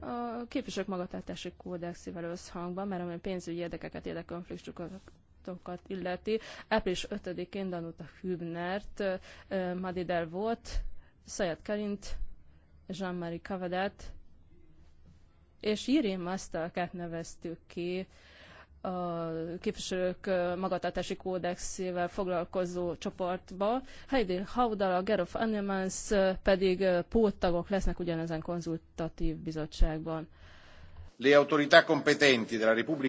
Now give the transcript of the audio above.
A képviselők magatartási kódexével összhangban, mert ami pénzügyi érdekeket, konfliktusokat illeti, április 5-én Danuta Hübnert, Madider volt, Szajat Kerint, Jean-Marie Kavadet és Jiri Masztalkát neveztük ki a képviselők magatartási kódexével foglalkozó csoportba. Heidi Haudal, a Gerof Animals pedig póttagok lesznek ugyanezen konzultatív bizottságban. Le autorità competenti della Repubblica